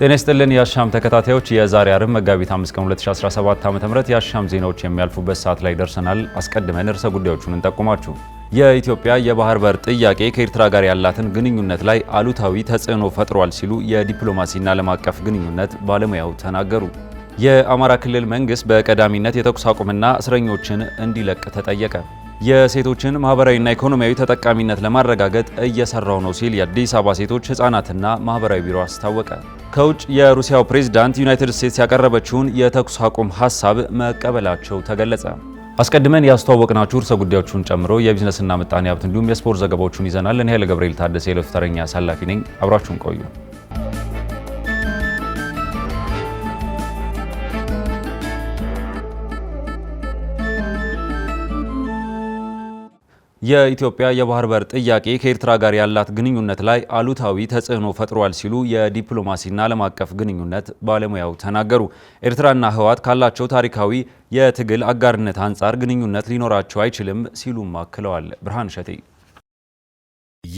ጤና ይስጥልን የአሻም ተከታታዮች፣ የዛሬ አርብ መጋቢት 5 ቀን 2017 ዓ.ም የአሻም ዜናዎች የሚያልፉበት ሰዓት ላይ ደርሰናል። አስቀድመን ርዕሰ ጉዳዮቹን እንጠቁማችሁ። የኢትዮጵያ የባህር በር ጥያቄ ከኤርትራ ጋር ያላትን ግንኙነት ላይ አሉታዊ ተጽዕኖ ፈጥሯል ሲሉ የዲፕሎማሲና ዓለም አቀፍ ግንኙነት ባለሙያው ተናገሩ። የአማራ ክልል መንግስት በቀዳሚነት የተኩስ አቁምና እስረኞችን እንዲለቅ ተጠየቀ። የሴቶችን ማህበራዊና ኢኮኖሚያዊ ተጠቃሚነት ለማረጋገጥ እየሰራው ነው ሲል የአዲስ አበባ ሴቶች ህጻናትና ማህበራዊ ቢሮ አስታወቀ። ከውጭ የሩሲያው ፕሬዝዳንት ዩናይትድ ስቴትስ ያቀረበችውን የተኩስ አቁም ሀሳብ መቀበላቸው ተገለጸ። አስቀድመን ያስተዋወቅናችሁ እርሰ ጉዳዮቹን ጨምሮ የቢዝነስና ምጣኔ ሀብት እንዲሁም የስፖርት ዘገባዎቹን ይዘናል። እኔ ኃይለ ገብርኤል ታደሰ የዕለቱ ተረኛ አሳላፊ ነኝ። አብራችሁን ቆዩ። የኢትዮጵያ የባህር በር ጥያቄ ከኤርትራ ጋር ያላት ግንኙነት ላይ አሉታዊ ተጽዕኖ ፈጥሯል ሲሉ የዲፕሎማሲና ዓለም አቀፍ ግንኙነት ባለሙያው ተናገሩ። ኤርትራና ህወሓት ካላቸው ታሪካዊ የትግል አጋርነት አንጻር ግንኙነት ሊኖራቸው አይችልም ሲሉም አክለዋል። ብርሃን ሸቴ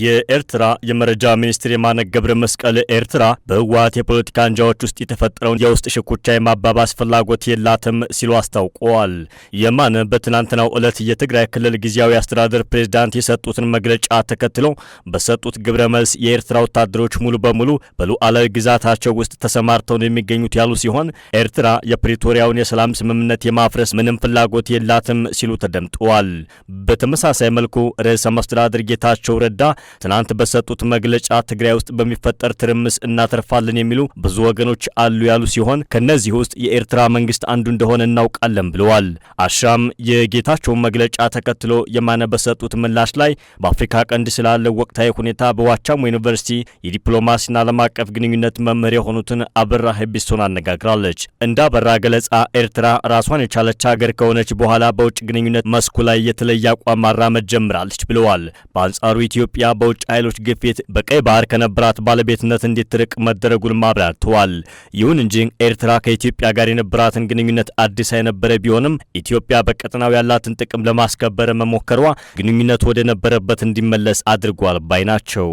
የኤርትራ የመረጃ ሚኒስትር የማነ ገብረ መስቀል ኤርትራ በህወሀት የፖለቲካ አንጃዎች ውስጥ የተፈጠረውን የውስጥ ሽኩቻ የማባባስ ፍላጎት የላትም ሲሉ አስታውቀዋል። የማነ በትናንትናው ዕለት የትግራይ ክልል ጊዜያዊ አስተዳደር ፕሬዝዳንት የሰጡትን መግለጫ ተከትለው በሰጡት ግብረ መልስ የኤርትራ ወታደሮች ሙሉ በሙሉ በሉዓላዊ ግዛታቸው ውስጥ ተሰማርተው ነው የሚገኙት ያሉ ሲሆን ኤርትራ የፕሪቶሪያውን የሰላም ስምምነት የማፍረስ ምንም ፍላጎት የላትም ሲሉ ተደምጠዋል። በተመሳሳይ መልኩ ርዕሰ መስተዳድር ጌታቸው ረዳ ትናንት በሰጡት መግለጫ ትግራይ ውስጥ በሚፈጠር ትርምስ እናተርፋለን የሚሉ ብዙ ወገኖች አሉ ያሉ ሲሆን ከነዚህ ውስጥ የኤርትራ መንግስት አንዱ እንደሆነ እናውቃለን ብለዋል። አሻም የጌታቸውን መግለጫ ተከትሎ የማነ በሰጡት ምላሽ ላይ በአፍሪካ ቀንድ ስላለው ወቅታዊ ሁኔታ በዋቻሞ ዩኒቨርሲቲ የዲፕሎማሲና ዓለም አቀፍ ግንኙነት መምህር የሆኑትን አበራ ሄቢሶን አነጋግራለች። እንደ አበራ ገለጻ ኤርትራ ራሷን የቻለች ሀገር ከሆነች በኋላ በውጭ ግንኙነት መስኩ ላይ የተለየ አቋም ማራመድ ጀምራለች ብለዋል። በአንጻሩ ኢትዮጵያ በውጭ ኃይሎች ግፊት በቀይ ባህር ከነበራት ባለቤትነት እንዲትርቅ መደረጉን አብራርተዋል። ይሁን እንጂ ኤርትራ ከኢትዮጵያ ጋር የነበራትን ግንኙነት አዲስ የነበረ ቢሆንም ኢትዮጵያ በቀጠናው ያላትን ጥቅም ለማስከበር መሞከሯ ግንኙነት ወደ ነበረበት እንዲመለስ አድርጓል ባይ ናቸው።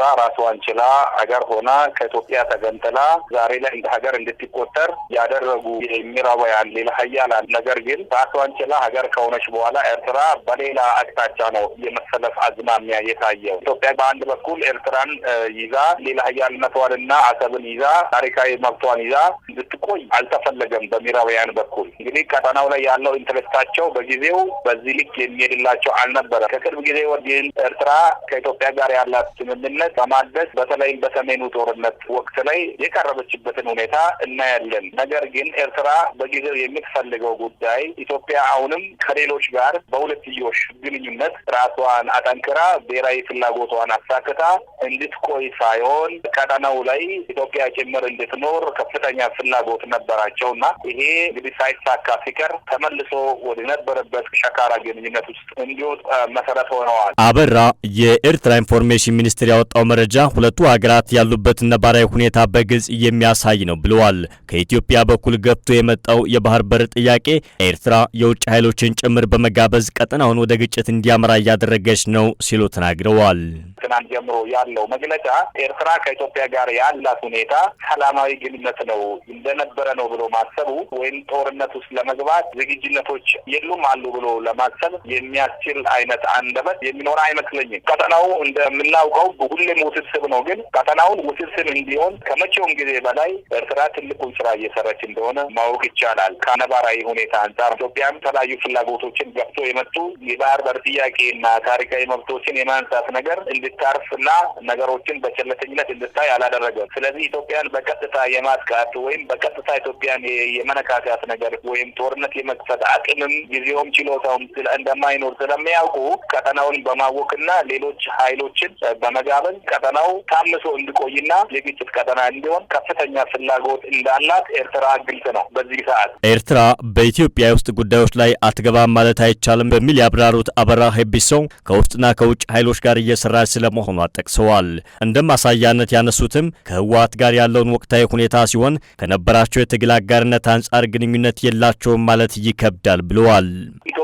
ኤርትራ ራስዋን ችላ ሀገር ሆና ከኢትዮጵያ ተገንጥላ ዛሬ ላይ እንደ ሀገር እንድትቆጠር ያደረጉ የሚራባያን ሌላ ሀያላን ነገር ግን ራስዋን ችላ ሀገር ከሆነች በኋላ ኤርትራ በሌላ አቅጣጫ ነው የመሰለፍ አዝማሚያ የታየው። ኢትዮጵያ በአንድ በኩል ኤርትራን ይዛ ሌላ ሀያልነቷንና አሰብን ይዛ ታሪካዊ መብቷን ይዛ እንድትቆይ አልተፈለገም በሚራባያን በኩል። እንግዲህ ቀጠናው ላይ ያለው ኢንትረስታቸው በጊዜው በዚህ ልክ የሚሄድላቸው አልነበረም። ከቅርብ ጊዜ ወዲህን ኤርትራ ከኢትዮጵያ ጋር ያላት ስምምነት በማለት በተለይም በሰሜኑ ጦርነት ወቅት ላይ የቀረበችበትን ሁኔታ እናያለን። ነገር ግን ኤርትራ በጊዜው የምትፈልገው ጉዳይ ኢትዮጵያ አሁንም ከሌሎች ጋር በሁለትዮሽ ግንኙነት ራሷን አጠንክራ ብሔራዊ ፍላጎቷን አሳክታ እንድትቆይ ሳይሆን ቀጠናው ላይ ኢትዮጵያ ጭምር እንድትኖር ከፍተኛ ፍላጎት ነበራቸው እና ይሄ እንግዲህ ሳይሳካ ሲቀር ተመልሶ ወደ ነበረበት ሸካራ ግንኙነት ውስጥ እንዲወጥ መሰረት ሆነዋል። አበራ የኤርትራ ኢንፎርሜሽን ሚኒስቴር ያወጣው የወጣው መረጃ ሁለቱ ሀገራት ያሉበት ነባራዊ ሁኔታ በግልጽ የሚያሳይ ነው ብለዋል። ከኢትዮጵያ በኩል ገብቶ የመጣው የባህር በር ጥያቄ ኤርትራ የውጭ ኃይሎችን ጭምር በመጋበዝ ቀጠናውን ወደ ግጭት እንዲያመራ እያደረገች ነው ሲሉ ተናግረዋል። ትናንት ጀምሮ ያለው መግለጫ ኤርትራ ከኢትዮጵያ ጋር ያላት ሁኔታ ሰላማዊ ግንኙነት ነው እንደነበረ ነው ብሎ ማሰቡ ወይም ጦርነት ውስጥ ለመግባት ዝግጅነቶች የሉም አሉ ብሎ ለማሰብ የሚያስችል አይነት አንደበት የሚኖር አይመስለኝም። ቀጠናው እንደምናውቀው ሁሌ ሁሌም ውስብስብ ነው። ግን ቀጠናውን ውስብስብ እንዲሆን ከመቼውም ጊዜ በላይ ኤርትራ ትልቁን ስራ እየሰራች እንደሆነ ማወቅ ይቻላል። ከነባራዊ ሁኔታ አንጻር ኢትዮጵያም የተለያዩ ፍላጎቶችን ገብቶ የመጡ የባህር በር ጥያቄና ታሪካዊ መብቶችን የማንሳት ነገር እንድታርፍ እና ነገሮችን በቸለተኝነት እንድታይ አላደረገም። ስለዚህ ኢትዮጵያን በቀጥታ የማጥቃት ወይም በቀጥታ ኢትዮጵያን የመነካካት ነገር ወይም ጦርነት የመክፈት አቅምም ጊዜውም ችሎታውም እንደማይኖር ስለሚያውቁ ቀጠናውን በማወክና ሌሎች ኃይሎችን በመጋበል ቀጠናው ታምሶ እንዲቆይና የግጭት ቀጠና እንዲሆን ከፍተኛ ፍላጎት እንዳላት ኤርትራ ግልጽ ነው። በዚህ ሰዓት ኤርትራ በኢትዮጵያ ውስጥ ጉዳዮች ላይ አትገባም ማለት አይቻልም በሚል ያብራሩት አበራ ሄቢሶ ከውስጥና ከውጭ ኃይሎች ጋር እየሰራች ስለመሆኗ ጠቅሰዋል። እንደ ማሳያነት ያነሱትም ከህወሀት ጋር ያለውን ወቅታዊ ሁኔታ ሲሆን ከነበራቸው የትግል አጋርነት አንጻር ግንኙነት የላቸውም ማለት ይከብዳል ብለዋል።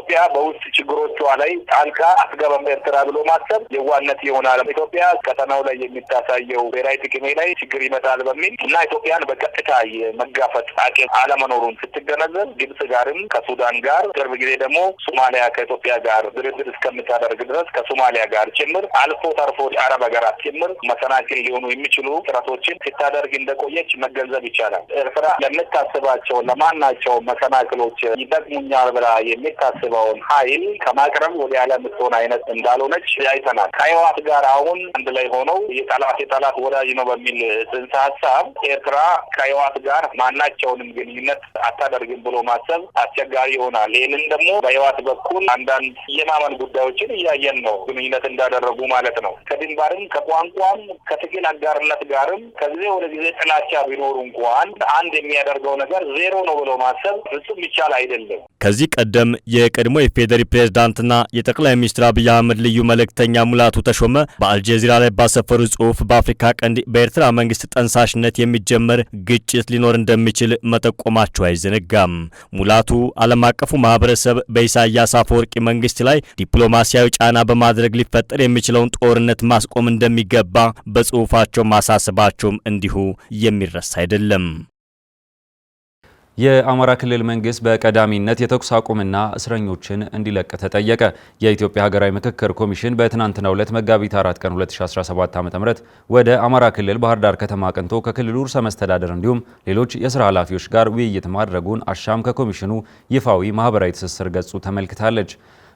ኢትዮጵያ በውስጥ ችግሮቿ ላይ ጣልቃ አትገባም ኤርትራ ብሎ ማሰብ የዋነት ይሆናል። ኢትዮጵያ ቀጠናው ላይ የሚታሳየው ብሔራዊ ጥቅሜ ላይ ችግር ይመጣል በሚል እና ኢትዮጵያን በቀጥታ የመጋፈጥ አቅም አለመኖሩን ስትገነዘብ ግብጽ ጋርም ከሱዳን ጋር ቅርብ ጊዜ ደግሞ ሶማሊያ ከኢትዮጵያ ጋር ድርድር እስከምታደርግ ድረስ ከሶማሊያ ጋር ጭምር አልፎ ተርፎ አረብ ሀገራት ጭምር መሰናክል ሊሆኑ የሚችሉ ጥረቶችን ስታደርግ እንደቆየች መገንዘብ ይቻላል። ኤርትራ ለምታስባቸው ለማናቸው መሰናክሎች ይጠቅሙኛል ብላ የሚታስበ የሚቀርበውን ሀይል ከማቅረብ ወደ ያለ የምትሆን አይነት እንዳልሆነች አይተናል። ከህወሓት ጋር አሁን አንድ ላይ ሆነው የጠላት የጠላት ወዳጅ ነው በሚል ጽንሰ ሀሳብ ኤርትራ ከህወሓት ጋር ማናቸውንም ግንኙነት አታደርግም ብሎ ማሰብ አስቸጋሪ ይሆናል። ይህንን ደግሞ በህወሓት በኩል አንዳንድ የማመን ጉዳዮችን እያየን ነው፣ ግንኙነት እንዳደረጉ ማለት ነው። ከድንባርም ከቋንቋም ከትግል አጋርነት ጋርም ከጊዜ ወደ ጊዜ ጥላቻ ቢኖሩ እንኳን አንድ የሚያደርገው ነገር ዜሮ ነው ብሎ ማሰብ ፍጹም ይቻል አይደለም። ከዚህ ቀደም የቀ የቀድሞ የፌዴሪ ፕሬዝዳንትና የጠቅላይ ሚኒስትር አብይ አህመድ ልዩ መልእክተኛ ሙላቱ ተሾመ በአልጀዚራ ላይ ባሰፈሩ ጽሁፍ በአፍሪካ ቀንድ በኤርትራ መንግስት ጠንሳሽነት የሚጀመር ግጭት ሊኖር እንደሚችል መጠቆማቸው አይዘነጋም። ሙላቱ ዓለም አቀፉ ማህበረሰብ በኢሳያስ አፈወርቂ መንግስት ላይ ዲፕሎማሲያዊ ጫና በማድረግ ሊፈጠር የሚችለውን ጦርነት ማስቆም እንደሚገባ በጽሁፋቸው ማሳሰባቸውም እንዲሁ የሚረሳ አይደለም። የአማራ ክልል መንግስት በቀዳሚነት የተኩስ አቁምና እስረኞችን እንዲለቅ ተጠየቀ። የኢትዮጵያ ሀገራዊ ምክክር ኮሚሽን በትናንትናው ዕለት መጋቢት 4 ቀን 2017 ዓ.ም ወደ አማራ ክልል ባህር ዳር ከተማ አቅንቶ ከክልሉ ርዕሰ መስተዳደር እንዲሁም ሌሎች የስራ ኃላፊዎች ጋር ውይይት ማድረጉን አሻም ከኮሚሽኑ ይፋዊ ማህበራዊ ትስስር ገጹ ተመልክታለች።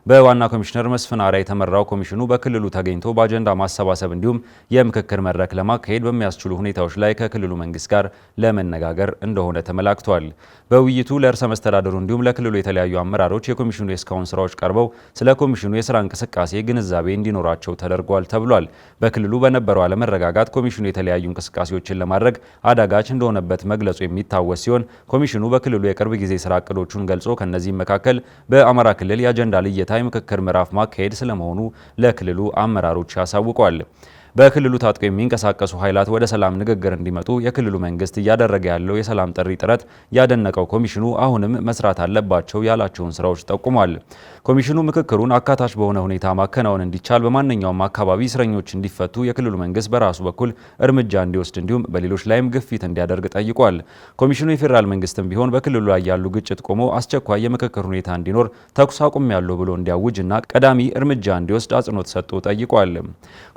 በዋና ኮሚሽነር መስፍን አርአያ የተመራው ኮሚሽኑ በክልሉ ተገኝቶ በአጀንዳ ማሰባሰብ እንዲሁም የምክክር መድረክ ለማካሄድ በሚያስችሉ ሁኔታዎች ላይ ከክልሉ መንግስት ጋር ለመነጋገር እንደሆነ ተመላክቷል። በውይይቱ ለእርሰ መስተዳድሩ እንዲሁም ለክልሉ የተለያዩ አመራሮች የኮሚሽኑ የእስካሁን ስራዎች ቀርበው ስለ ኮሚሽኑ የስራ እንቅስቃሴ ግንዛቤ እንዲኖራቸው ተደርጓል ተብሏል። በክልሉ በነበረው አለመረጋጋት ኮሚሽኑ የተለያዩ እንቅስቃሴዎችን ለማድረግ አዳጋች እንደሆነበት መግለጹ የሚታወስ ሲሆን ኮሚሽኑ በክልሉ የቅርብ ጊዜ ስራ እቅዶቹን ገልጾ ከእነዚህም መካከል በአማራ ክልል የአጀንዳ ልየታ የፍትሐዊ የምክክር ምዕራፍ ማካሄድ ስለመሆኑ ለክልሉ አመራሮች አሳውቋል። በክልሉ ታጥቀው የሚንቀሳቀሱ ኃይላት ወደ ሰላም ንግግር እንዲመጡ የክልሉ መንግስት እያደረገ ያለው የሰላም ጥሪ ጥረት ያደነቀው ኮሚሽኑ አሁንም መስራት አለባቸው ያላቸውን ስራዎች ጠቁሟል። ኮሚሽኑ ምክክሩን አካታች በሆነ ሁኔታ ማከናወን እንዲቻል በማንኛውም አካባቢ እስረኞች እንዲፈቱ የክልሉ መንግስት በራሱ በኩል እርምጃ እንዲወስድ እንዲሁም በሌሎች ላይም ግፊት እንዲያደርግ ጠይቋል። ኮሚሽኑ የፌዴራል መንግስትም ቢሆን በክልሉ ላይ ያሉ ግጭት ቆሞ አስቸኳይ የምክክር ሁኔታ እንዲኖር ተኩስ አቁም ያለው ብሎ እንዲያውጅና ቀዳሚ እርምጃ እንዲወስድ አጽንኦት ሰጥቶ ጠይቋል።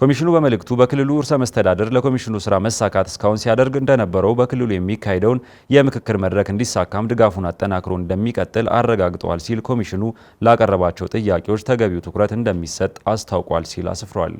ኮሚሽኑ በመልክ መልእክቱ በክልሉ ርዕሰ መስተዳደር ለኮሚሽኑ ስራ መሳካት እስካሁን ሲያደርግ እንደነበረው በክልሉ የሚካሄደውን የምክክር መድረክ እንዲሳካም ድጋፉን አጠናክሮ እንደሚቀጥል አረጋግጠዋል ሲል ኮሚሽኑ ላቀረባቸው ጥያቄዎች ተገቢው ትኩረት እንደሚሰጥ አስታውቋል ሲል አስፍሯል።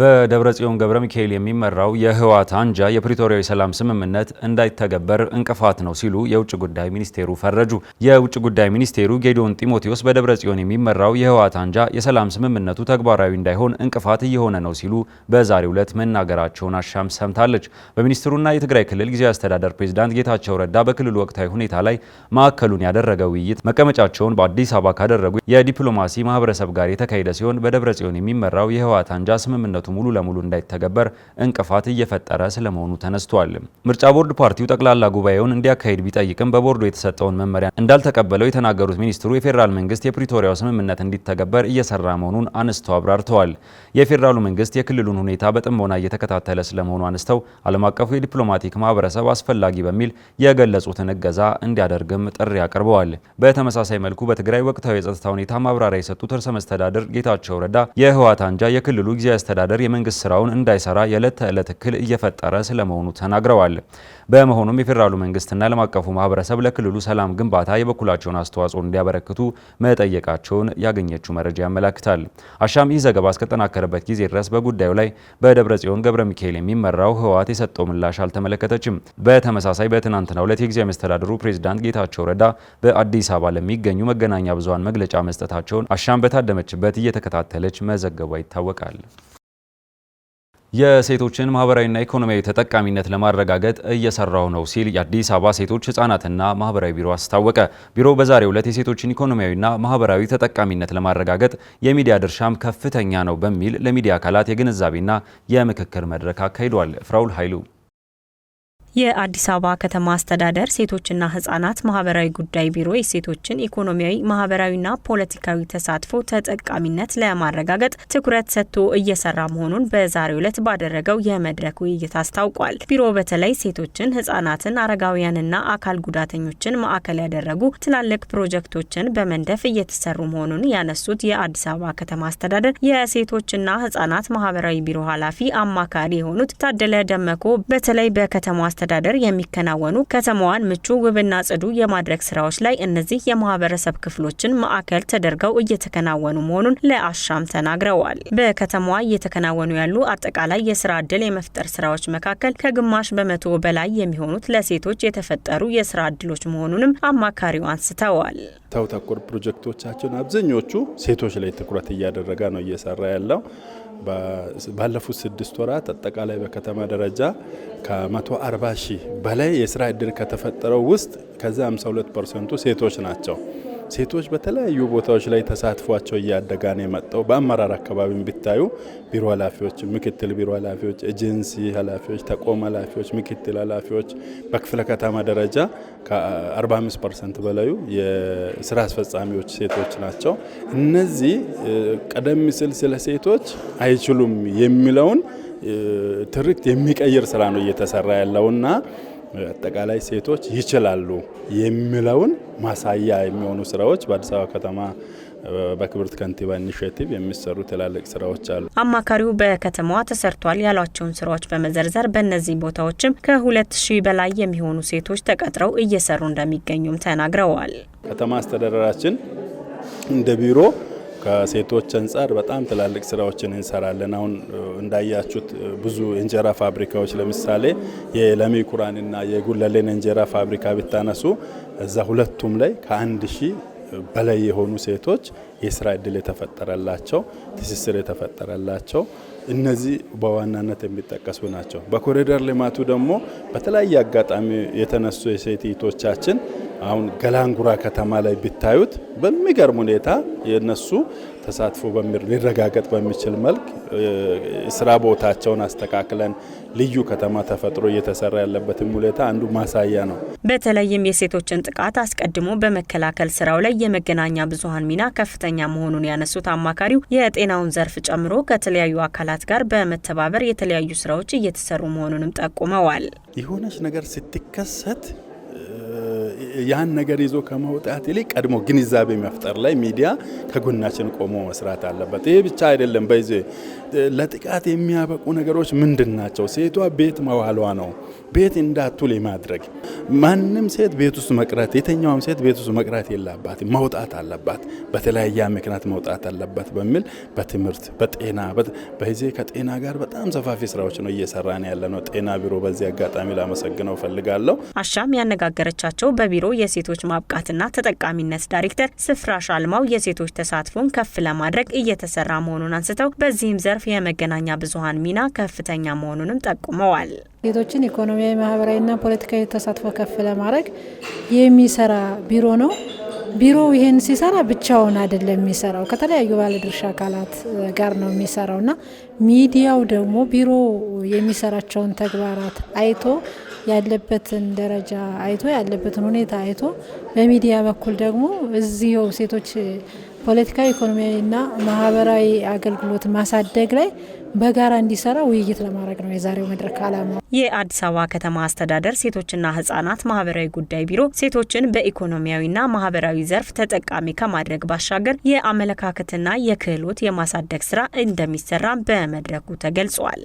በደብረ ገብረ ሚካኤል የሚመራው የህወሓት አንጃ የፕሪቶሪያዊ ሰላም ስምምነት እንዳይተገበር እንቅፋት ነው ሲሉ የውጭ ጉዳይ ሚኒስቴሩ ፈረጁ። የውጭ ጉዳይ ሚኒስቴሩ ጌዲዮን ጢሞቴዎስ በደብረ ጽዮን የሚመራው የህወሓት አንጃ የሰላም ስምምነቱ ተግባራዊ እንዳይሆን እንቅፋት እየሆነ ነው ሲሉ በዛሬው ዕለት መናገራቸውን አሻም ሰምታለች። በሚኒስትሩና የትግራይ ክልል ጊዜያዊ አስተዳደር ፕሬዚዳንት ጌታቸው ረዳ በክልሉ ወቅታዊ ሁኔታ ላይ ማዕከሉን ያደረገ ውይይት መቀመጫቸውን በአዲስ አበባ ካደረጉ የዲፕሎማሲ ማህበረሰብ ጋር የተካሄደ ሲሆን በደብረ ጽዮን የሚመራው የህወሓት አንጃ ስምምነቱ ስምምነቱ ሙሉ ለሙሉ እንዳይተገበር እንቅፋት እየፈጠረ ስለመሆኑ ተነስቷል። ምርጫ ቦርድ ፓርቲው ጠቅላላ ጉባኤውን እንዲያካሂድ ቢጠይቅም በቦርዱ የተሰጠውን መመሪያ እንዳልተቀበለው የተናገሩት ሚኒስትሩ የፌዴራል መንግስት የፕሪቶሪያው ስምምነት እንዲተገበር እየሰራ መሆኑን አንስተው አብራርተዋል። የፌዴራሉ መንግስት የክልሉን ሁኔታ በጥሞና እየተከታተለ ስለመሆኑ አንስተው ዓለም አቀፉ የዲፕሎማቲክ ማህበረሰብ አስፈላጊ በሚል የገለጹትን እገዛ እንዲያደርግም ጥሪ አቅርበዋል። በተመሳሳይ መልኩ በትግራይ ወቅታዊ የጸጥታ ሁኔታ ማብራሪያ የሰጡት ርዕሰ መስተዳድር ጌታቸው ረዳ የህወሓት አንጃ የክልሉ ጊዜያዊ አስተዳደር አስተዳደር የመንግስት ስራውን እንዳይሰራ የዕለት ተዕለት እክል እየፈጠረ ስለመሆኑ ተናግረዋል። በመሆኑም የፌዴራሉ መንግስትና ዓለም አቀፉ ማህበረሰብ ለክልሉ ሰላም ግንባታ የበኩላቸውን አስተዋጽኦ እንዲያበረክቱ መጠየቃቸውን ያገኘችው መረጃ ያመላክታል። አሻም ይህ ዘገባ እስከጠናከረበት ጊዜ ድረስ በጉዳዩ ላይ በደብረ ጽዮን ገብረ ሚካኤል የሚመራው ህወሓት የሰጠው ምላሽ አልተመለከተችም። በተመሳሳይ በትናንትናው ዕለት የጊዜ መስተዳድሩ ፕሬዚዳንት ጌታቸው ረዳ በአዲስ አበባ ለሚገኙ መገናኛ ብዙሀን መግለጫ መስጠታቸውን አሻም በታደመችበት እየተከታተለች መዘገቧ ይታወቃል። የሴቶችን ማህበራዊና ኢኮኖሚያዊ ተጠቃሚነት ለማረጋገጥ እየሰራው ነው ሲል የአዲስ አበባ ሴቶች ህጻናትና ማህበራዊ ቢሮ አስታወቀ። ቢሮው በዛሬው ዕለት የሴቶችን ኢኮኖሚያዊና ማህበራዊ ተጠቃሚነት ለማረጋገጥ የሚዲያ ድርሻም ከፍተኛ ነው በሚል ለሚዲያ አካላት የግንዛቤና የምክክር መድረክ አካሂዷል። ፍራውል ኃይሉ የአዲስ አበባ ከተማ አስተዳደር ሴቶችና ህጻናት ማህበራዊ ጉዳይ ቢሮ የሴቶችን ኢኮኖሚያዊ ማህበራዊና ፖለቲካዊ ተሳትፎ ተጠቃሚነት ለማረጋገጥ ትኩረት ሰጥቶ እየሰራ መሆኑን በዛሬው ዕለት ባደረገው የመድረክ ውይይት አስታውቋል። ቢሮ በተለይ ሴቶችን፣ ህጻናትን፣ አረጋውያንና አካል ጉዳተኞችን ማዕከል ያደረጉ ትላልቅ ፕሮጀክቶችን በመንደፍ እየተሰሩ መሆኑን ያነሱት የአዲስ አበባ ከተማ አስተዳደር የሴቶችና ህጻናት ማህበራዊ ቢሮ ኃላፊ አማካሪ የሆኑት ታደለ ደመኮ በተለይ በከተማ አስተዳደር የሚከናወኑ ከተማዋን ምቹ ውብና ጽዱ የማድረግ ስራዎች ላይ እነዚህ የማህበረሰብ ክፍሎችን ማዕከል ተደርገው እየተከናወኑ መሆኑን ለአሻም ተናግረዋል። በከተማዋ እየተከናወኑ ያሉ አጠቃላይ የስራ እድል የመፍጠር ስራዎች መካከል ከግማሽ በመቶ በላይ የሚሆኑት ለሴቶች የተፈጠሩ የስራ እድሎች መሆኑንም አማካሪው አንስተዋል። ሰው ተኮር ፕሮጀክቶቻችን አብዛኞቹ ሴቶች ላይ ትኩረት እያደረገ ነው እየሰራ ያለው ባለፉት ስድስት ወራት አጠቃላይ በከተማ ደረጃ ከ140 ሺህ በላይ የስራ እድል ከተፈጠረው ውስጥ ከዚ 52 ፐርሰንቱ ሴቶች ናቸው። ሴቶች በተለያዩ ቦታዎች ላይ ተሳትፏቸው እያደጋ ነው የመጣው። በአመራር አካባቢ ቢታዩ ቢሮ ኃላፊዎች፣ ምክትል ቢሮ ኃላፊዎች፣ ኤጀንሲ ኃላፊዎች፣ ተቋም ኃላፊዎች፣ ምክትል ኃላፊዎች በክፍለ ከተማ ደረጃ ከ45 ፐርሰንት በላዩ የስራ አስፈጻሚዎች ሴቶች ናቸው። እነዚህ ቀደም ሲል ስለ ሴቶች አይችሉም የሚለውን ትርክት የሚቀይር ስራ ነው እየተሰራ ያለውና አጠቃላይ ሴቶች ይችላሉ የሚለውን ማሳያ የሚሆኑ ስራዎች በአዲስ አበባ ከተማ በክብርት ከንቲባ ኢኒሽቲቭ የሚሰሩ ትላልቅ ስራዎች አሉ። አማካሪው በከተማዋ ተሰርቷል ያሏቸውን ስራዎች በመዘርዘር በእነዚህ ቦታዎችም ከሁለት ሺህ በላይ የሚሆኑ ሴቶች ተቀጥረው እየሰሩ እንደሚገኙም ተናግረዋል። ከተማ አስተዳደራችን እንደ ቢሮ ከሴቶች አንጻር በጣም ትላልቅ ስራዎችን እንሰራለን። አሁን እንዳያችሁት ብዙ እንጀራ ፋብሪካዎች ለምሳሌ የለሚ ኩራንና የጉለሌን እንጀራ ፋብሪካ ብታነሱ እዛ ሁለቱም ላይ ከአንድ ሺህ በላይ የሆኑ ሴቶች የስራ እድል የተፈጠረላቸው ትስስር የተፈጠረላቸው እነዚህ በዋናነት የሚጠቀሱ ናቸው። በኮሪደር ልማቱ ደግሞ በተለያየ አጋጣሚ የተነሱ የሴት እህቶቻችን አሁን ገላንጉራ ከተማ ላይ ቢታዩት በሚገርም ሁኔታ የነሱ ተሳትፎ ሊረጋገጥ በሚችል መልክ ስራ ቦታቸውን አስተካክለን ልዩ ከተማ ተፈጥሮ እየተሰራ ያለበትም ሁኔታ አንዱ ማሳያ ነው። በተለይም የሴቶችን ጥቃት አስቀድሞ በመከላከል ስራው ላይ የመገናኛ ብዙኃን ሚና ከፍተኛ መሆኑን ያነሱት አማካሪው የጤናውን ዘርፍ ጨምሮ ከተለያዩ አካላት ጋር በመተባበር የተለያዩ ስራዎች እየተሰሩ መሆኑንም ጠቁመዋል። የሆነች ነገር ስትከሰት ያን ነገር ይዞ ከመውጣት ይልቅ ቀድሞ ግንዛቤ መፍጠር ላይ ሚዲያ ከጎናችን ቆሞ መስራት አለበት። ይሄ ብቻ አይደለም። በይዘ ለጥቃት የሚያበቁ ነገሮች ምንድን ናቸው? ሴቷ ቤት መዋሏ ነው። ቤት እንዳትውል የማድረግ ማንም ሴት ቤት ውስጥ መቅረት፣ የተኛውም ሴት ቤት ውስጥ መቅረት የለባት፣ መውጣት አለባት፣ በተለያየ ምክንያት መውጣት አለባት በሚል በትምህርት በጤና በዚህ ከጤና ጋር በጣም ሰፋፊ ስራዎች ነው እየሰራን ያለ ነው ጤና ቢሮ። በዚህ አጋጣሚ ላመሰግነው ፈልጋለሁ። አሻም ያነጋገረቻቸው በቢሮ ቢሮ የሴቶች ማብቃትና ተጠቃሚነት ዳይሬክተር ስፍራሽ አልማው የሴቶች ተሳትፎን ከፍ ለማድረግ እየተሰራ መሆኑን አንስተው በዚህም ዘርፍ የመገናኛ ብዙሃን ሚና ከፍተኛ መሆኑንም ጠቁመዋል። ሴቶችን ኢኮኖሚያዊ፣ ማህበራዊና ፖለቲካዊ ተሳትፎ ከፍ ለማድረግ የሚሰራ ቢሮ ነው። ቢሮው ይሄን ሲሰራ ብቻውን አይደለም የሚሰራው፣ ከተለያዩ ባለድርሻ አካላት ጋር ነው የሚሰራውና ሚዲያው ደግሞ ቢሮ የሚሰራቸውን ተግባራት አይቶ ያለበትን ደረጃ አይቶ ያለበትን ሁኔታ አይቶ በሚዲያ በኩል ደግሞ እዚው ሴቶች ፖለቲካዊ፣ ኢኮኖሚያዊና ማህበራዊ አገልግሎት ማሳደግ ላይ በጋራ እንዲሰራ ውይይት ለማድረግ ነው የዛሬው መድረክ አላማ። የአዲስ አበባ ከተማ አስተዳደር ሴቶችና ህጻናት ማህበራዊ ጉዳይ ቢሮ ሴቶችን በኢኮኖሚያዊና ማህበራዊ ዘርፍ ተጠቃሚ ከማድረግ ባሻገር የአመለካከትና የክህሎት የማሳደግ ስራ እንደሚሰራ በመድረኩ ተገልጿል።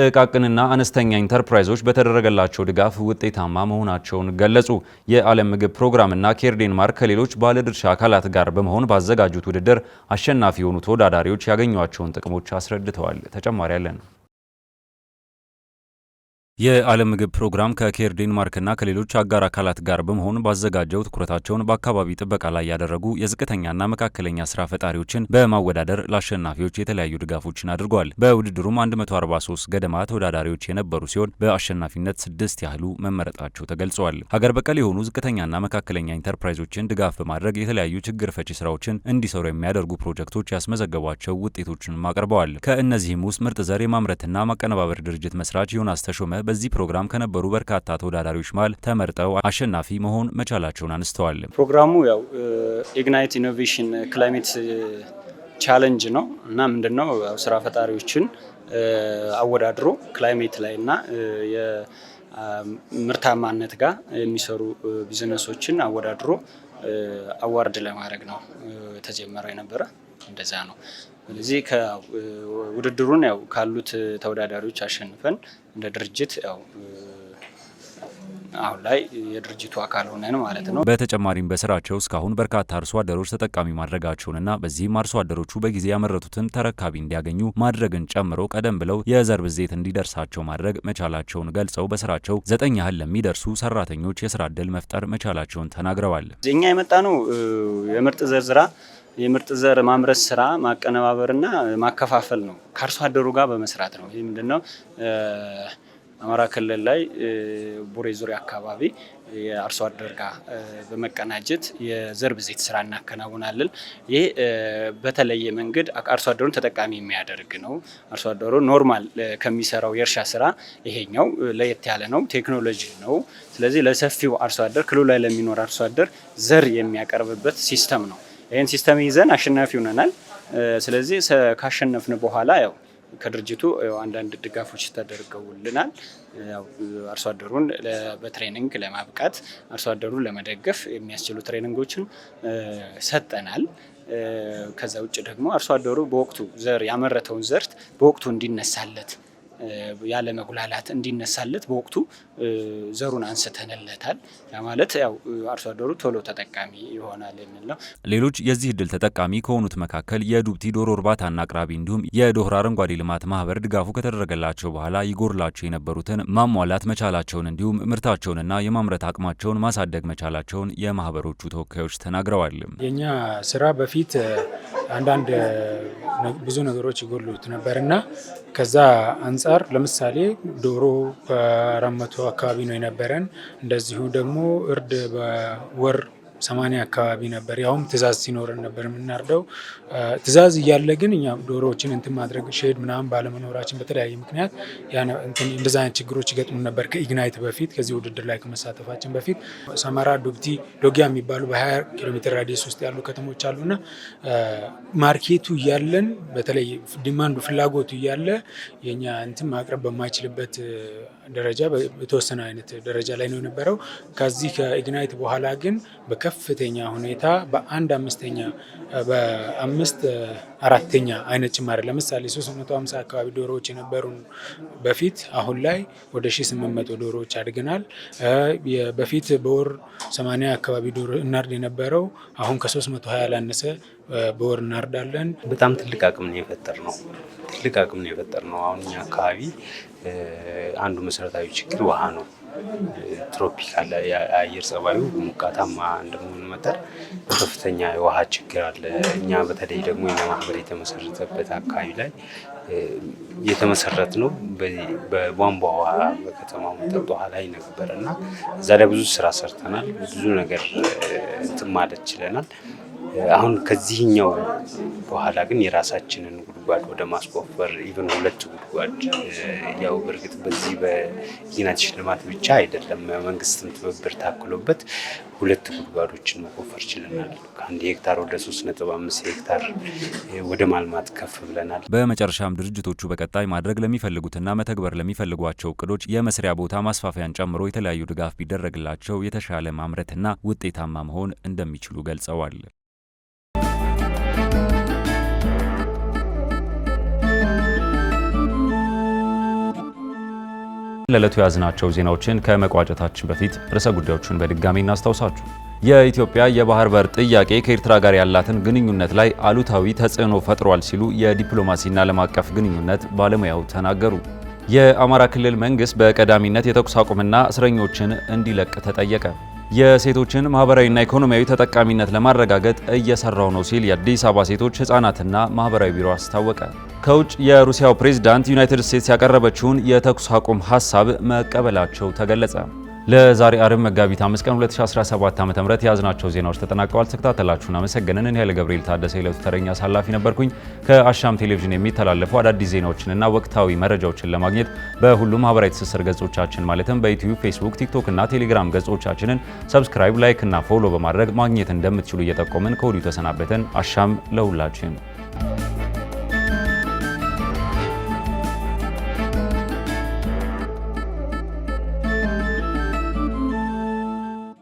ጥቃቅንና አነስተኛ ኢንተርፕራይዞች በተደረገላቸው ድጋፍ ውጤታማ መሆናቸውን ገለጹ። የዓለም ምግብ ፕሮግራምና ኬር ዴንማርክ ከሌሎች ባለድርሻ አካላት ጋር በመሆን ባዘጋጁት ውድድር አሸናፊ የሆኑ ተወዳዳሪዎች ያገኟቸውን ጥቅሞች አስረድተዋል። ተጨማሪ ያለን የዓለም ምግብ ፕሮግራም ከኬር ዴንማርክና ከሌሎች አጋር አካላት ጋር በመሆን ባዘጋጀው ትኩረታቸውን በአካባቢ ጥበቃ ላይ ያደረጉ የዝቅተኛና መካከለኛ ስራ ፈጣሪዎችን በማወዳደር ለአሸናፊዎች የተለያዩ ድጋፎችን አድርጓል። በውድድሩም 143 ገደማ ተወዳዳሪዎች የነበሩ ሲሆን በአሸናፊነት ስድስት ያህሉ መመረጣቸው ተገልጿል። ሀገር በቀል የሆኑ ዝቅተኛና መካከለኛ ኢንተርፕራይዞችን ድጋፍ በማድረግ የተለያዩ ችግር ፈቺ ስራዎችን እንዲሰሩ የሚያደርጉ ፕሮጀክቶች ያስመዘገቧቸው ውጤቶችንም አቅርበዋል። ከእነዚህም ውስጥ ምርጥ ዘር የማምረትና ማቀነባበር ድርጅት መስራች ዮናስ ተሾመ በዚህ ፕሮግራም ከነበሩ በርካታ ተወዳዳሪዎች መሃል ተመርጠው አሸናፊ መሆን መቻላቸውን አንስተዋል። ፕሮግራሙ ያው ኢግናይት ኢኖቬሽን ክላይሜት ቻለንጅ ነው እና ምንድን ነው ስራ ፈጣሪዎችን አወዳድሮ ክላይሜት ላይ እና ምርታማነት ጋር የሚሰሩ ቢዝነሶችን አወዳድሮ አዋርድ ለማድረግ ነው ተጀመረው የነበረ። እንደዛ ነው። ስለዚህ ውድድሩን ያው ካሉት ተወዳዳሪዎች አሸንፈን እንደ ድርጅት ያው አሁን ላይ የድርጅቱ አካል ሆነን ማለት ነው። በተጨማሪም በስራቸው እስካሁን በርካታ አርሶ አደሮች ተጠቃሚ ማድረጋቸውንና በዚህም አርሶ አደሮቹ በጊዜ ያመረቱትን ተረካቢ እንዲያገኙ ማድረግን ጨምሮ ቀደም ብለው የዘር ብዜት እንዲደርሳቸው ማድረግ መቻላቸውን ገልጸው በስራቸው ዘጠኝ ያህል ለሚደርሱ ሰራተኞች የስራ እድል መፍጠር መቻላቸውን ተናግረዋል። እኛ የመጣ ነው የምርጥ ዘርዝራ የምርጥ ዘር ማምረት ስራ ማቀነባበርና ማከፋፈል ነው። ከአርሶ አደሩ ጋር በመስራት ነው። ይህ ምንድነው? አማራ ክልል ላይ ቡሬ ዙሪያ አካባቢ የአርሶ አደር ጋር በመቀናጀት የዘር ብዜት ስራ እናከናውናለን። ይህ በተለየ መንገድ አርሶ አደሩን ተጠቃሚ የሚያደርግ ነው። አርሶ አደሩ ኖርማል ከሚሰራው የእርሻ ስራ ይሄኛው ለየት ያለ ነው፣ ቴክኖሎጂ ነው። ስለዚህ ለሰፊው አርሶ አደር ክልሉ ላይ ለሚኖር አርሶ አደር ዘር የሚያቀርብበት ሲስተም ነው። ይህን ሲስተም ይዘን አሸናፊ ሆነናል። ስለዚህ ካሸነፍን በኋላ ያው ከድርጅቱ አንዳንድ ድጋፎች ተደርገውልናል። አርሶ አደሩን በትሬኒንግ ለማብቃት አርሶ አደሩን ለመደገፍ የሚያስችሉ ትሬኒንጎችን ሰጠናል። ከዛ ውጭ ደግሞ አርሶ አደሩ በወቅቱ ዘር ያመረተውን ዘርት በወቅቱ እንዲነሳለት ያለ መጉላላት እንዲነሳለት በወቅቱ ዘሩን አንስተንለታል። ያ ማለት ያው አርሶ አደሩ ቶሎ ተጠቃሚ ይሆናል የሚል ነው። ሌሎች የዚህ እድል ተጠቃሚ ከሆኑት መካከል የዱብቲ ዶሮ እርባታና አቅራቢ እንዲሁም የዶህር አረንጓዴ ልማት ማህበር ድጋፉ ከተደረገላቸው በኋላ ይጎርላቸው የነበሩትን ማሟላት መቻላቸውን እንዲሁም ምርታቸውንና የማምረት አቅማቸውን ማሳደግ መቻላቸውን የማህበሮቹ ተወካዮች ተናግረዋል። የእኛ ስራ በፊት አንዳንድ ብዙ ነገሮች ይጎሉት ነበር እና ከዛ አንጻር ለምሳሌ ዶሮ በአራት መቶ አካባቢ ነው የነበረን። እንደዚሁ ደግሞ እርድ በወር ሰማንያ አካባቢ ነበር። ያውም ትእዛዝ ሲኖረን ነበር የምናርደው። ትእዛዝ እያለ ግን እኛ ዶሮዎችን እንትን ማድረግ ሼድ ምናምን ባለመኖራችን በተለያየ ምክንያት እንደዛ አይነት ችግሮች ይገጥሙ ነበር። ከኢግናይት በፊት ከዚህ ውድድር ላይ ከመሳተፋችን በፊት ሰመራ፣ ዱብቲ፣ ዶጊያ የሚባሉ በ20 ኪሎ ሜትር ራዲየስ ውስጥ ያሉ ከተሞች አሉና ማርኬቱ እያለን በተለይ ዲማንዱ ፍላጎቱ እያለ የኛ እንትን ማቅረብ በማይችልበት ደረጃ በተወሰነ አይነት ደረጃ ላይ ነው የነበረው። ከዚህ ከኢግናይት በኋላ ግን በከፍተኛ ሁኔታ በአንድ አምስተኛ በአምስት አራተኛ አይነት ጭማሪ ለምሳሌ 350 አካባቢ ዶሮዎች የነበሩን በፊት አሁን ላይ ወደ 800 ዶሮዎች አድገናል። በፊት በወር 80 አካባቢ ዶሮ እናርድ የነበረው አሁን ከ320 ላነሰ በወር እናርዳለን። በጣም ትልቅ አቅም ነው የፈጠር ነው ትልቅ አቅም ነው የፈጠር ነው። አሁን እኛ አካባቢ አንዱ መሰረታዊ ችግር ውሃ ነው። ትሮፒካል የአየር ጸባዩ ሞቃታማ እንደመሆኑ መጠን ከፍተኛ የውሃ ችግር አለ። እኛ በተለይ ደግሞ የኛ ማህበር የተመሰረተበት አካባቢ ላይ የተመሰረት ነው በቧንቧ ውሃ በከተማ መጠጥ ውሃ ላይ ነበር እና እዛ ላይ ብዙ ስራ ሰርተናል። ብዙ ነገር እንትን ማለት ችለናል። አሁን ከዚህኛው በኋላ ግን የራሳችንን ጉድጓድ ወደ ማስቆፈር ኢቨን ሁለት ጉድጓድ ያው እርግጥ በዚህ በዜናች ልማት ብቻ አይደለም መንግስትም ትብብር ታክሎበት ሁለት ጉድጓዶችን መቆፈር ችለናል። ከአንድ ሄክታር ወደ ሶስት ነጥብ አምስት ሄክታር ወደ ማልማት ከፍ ብለናል። በመጨረሻም ድርጅቶቹ በቀጣይ ማድረግ ለሚፈልጉትና መተግበር ለሚፈልጓቸው እቅዶች የመስሪያ ቦታ ማስፋፊያን ጨምሮ የተለያዩ ድጋፍ ቢደረግላቸው የተሻለ ማምረትና ውጤታማ መሆን እንደሚችሉ ገልጸዋል። ለዕለቱ የያዝናቸው ዜናዎችን ከመቋጨታችን በፊት ርዕሰ ጉዳዮቹን በድጋሚ እናስታውሳችሁ። የኢትዮጵያ የባህር በር ጥያቄ ከኤርትራ ጋር ያላትን ግንኙነት ላይ አሉታዊ ተጽዕኖ ፈጥሯል ሲሉ የዲፕሎማሲና ዓለም አቀፍ ግንኙነት ባለሙያው ተናገሩ። የአማራ ክልል መንግሥት በቀዳሚነት የተኩስ አቁምና እስረኞችን እንዲለቅ ተጠየቀ። የሴቶችን ማህበራዊና ኢኮኖሚያዊ ተጠቃሚነት ለማረጋገጥ እየሰራው ነው ሲል የአዲስ አበባ ሴቶች ሕፃናትና ማህበራዊ ቢሮ አስታወቀ። ከውጭ የሩሲያው ፕሬዝዳንት ዩናይትድ ስቴትስ ያቀረበችውን የተኩስ አቁም ሀሳብ መቀበላቸው ተገለጸ። ለዛሬ አርብ መጋቢት 5 ቀን 2017 ዓ.ም የያዝናቸው ዜናዎች ተጠናቀዋል። ተከታተላችሁን አመሰገንን። እኔ ኃይለ ገብርኤል ታደሰ የዕለቱ ተረኛ አሳላፊ ነበርኩኝ። ከአሻም ቴሌቪዥን የሚተላለፉ አዳዲስ ዜናዎችንና ወቅታዊ መረጃዎችን ለማግኘት በሁሉም ማህበራዊ ትስስር ገጾቻችን ማለትም በዩቲዩብ፣ ፌስቡክ፣ ቲክቶክ እና ቴሌግራም ገጾቻችንን ሰብስክራይብ፣ ላይክ እና ፎሎ በማድረግ ማግኘት እንደምትችሉ እየጠቆምን ከወዲሁ ተሰናበተን። አሻም ለሁላችን!